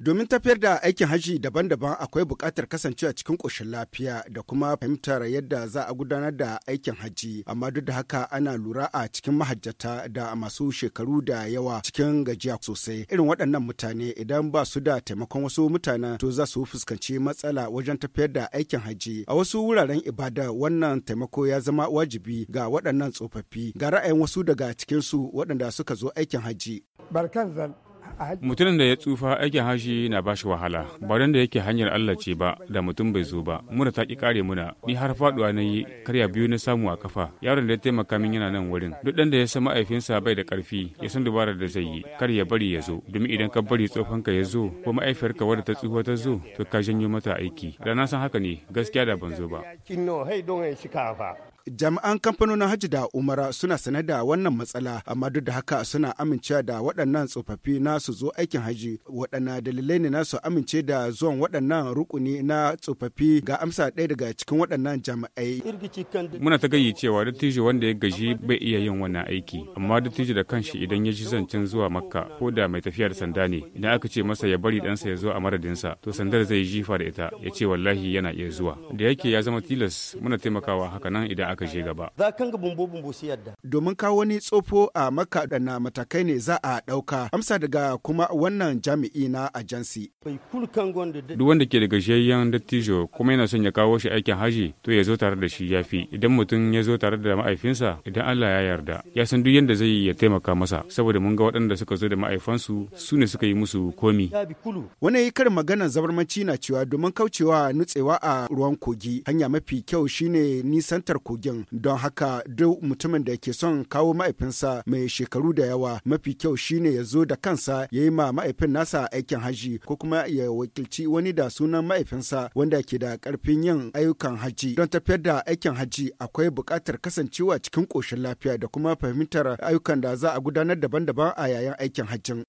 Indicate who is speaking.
Speaker 1: Domin tafiyar da aikin hajji daban-daban akwai buƙatar kasancewa cikin ƙoshin lafiya da kuma fahimtar yadda za a gudanar da aikin hajji, amma duk da haka ana lura a cikin mahajjata da masu shekaru da yawa cikin gajiya sosai. Irin waɗannan mutane idan ba su da taimakon wasu mutanen to za su fuskanci matsala wajen tafiyar da aikin hajji. A wasu wuraren ibada wannan taimako ya zama wajibi ga waɗannan tsofaffi. Ga ra'ayin wasu daga cikinsu waɗanda suka zo aikin hajji. Barkan zan
Speaker 2: Mutumin da ya tsufa aikin hashi na bashi wahala, ba da yake hanyar Allah ce ba da mutum bai zo ba, muna ta ki kare muna, ni har faduwa na yi karya biyu na samu a kafa, yaron da ya taimaka min yana nan wurin. Duk ɗan da ya san ma'aifinsa bai da karfi ya san dubarar da zai yi, kar ya bari ya zo, domin idan ka bari tsofanka ya zo, ko ma'aifiyarka wadda ta tsufa ta zo, to ka janyo mata aiki. Da na san haka ne, gaskiya da ban zo ba.
Speaker 1: jami'an kamfanonin hajji da umara suna sanar da wannan matsala amma duk da haka suna amincewa da waɗannan tsofaffi na su zo aikin hajji waɗanna dalilai ne na su amince da zuwan waɗannan rukuni na tsofaffi ga amsa ɗaya daga cikin waɗannan jami'ai.
Speaker 2: muna ta gani cewa dattijo wanda ya gaji bai iya yin wannan aiki amma dattijo da kanshi idan ya ji zancen zuwa makka ko da mai tafiya da sanda ne idan aka ce masa ya bari ɗansa ya zo a maradinsa to sandar zai jifa da ita ya ce wallahi yana iya zuwa da yake ya zama tilas muna taimakawa haka nan idan aka je gaba.
Speaker 1: Domin kawo wani tsofo a maka na matakai ne za a ɗauka. Amsa daga kuma wannan jami'i na ajansi. Duk
Speaker 2: wanda ke da gajiyayyen dattijo kuma yana son ya kawo shi aikin haji to ya zo tare da shi ya fi. Idan mutum ya zo tare da ma'aifinsa idan Allah ya yarda ya san duk yadda zai ya taimaka masa saboda mun ga waɗanda suka zo da ma'aifansu su ne suka yi musu komi.
Speaker 1: Wani yi karin magana zabarmaci na cewa domin kaucewa nutsewa a ruwan kogi hanya mafi kyau shine nisantar kogi dangin don haka duk mutumin da ke son kawo mahaifinsa mai shekaru da yawa mafi kyau shine ya zo da kansa ya yi ma mahaifin nasa aikin haji ko kuma ya wakilci wani da sunan mahaifinsa wanda ke da karfin yin ayyukan haji don tafiyar da aikin haji akwai buƙatar kasancewa cikin ƙoshin lafiya da kuma fahimtar ayyukan da za a gudanar daban-daban a yayin aikin hajjin.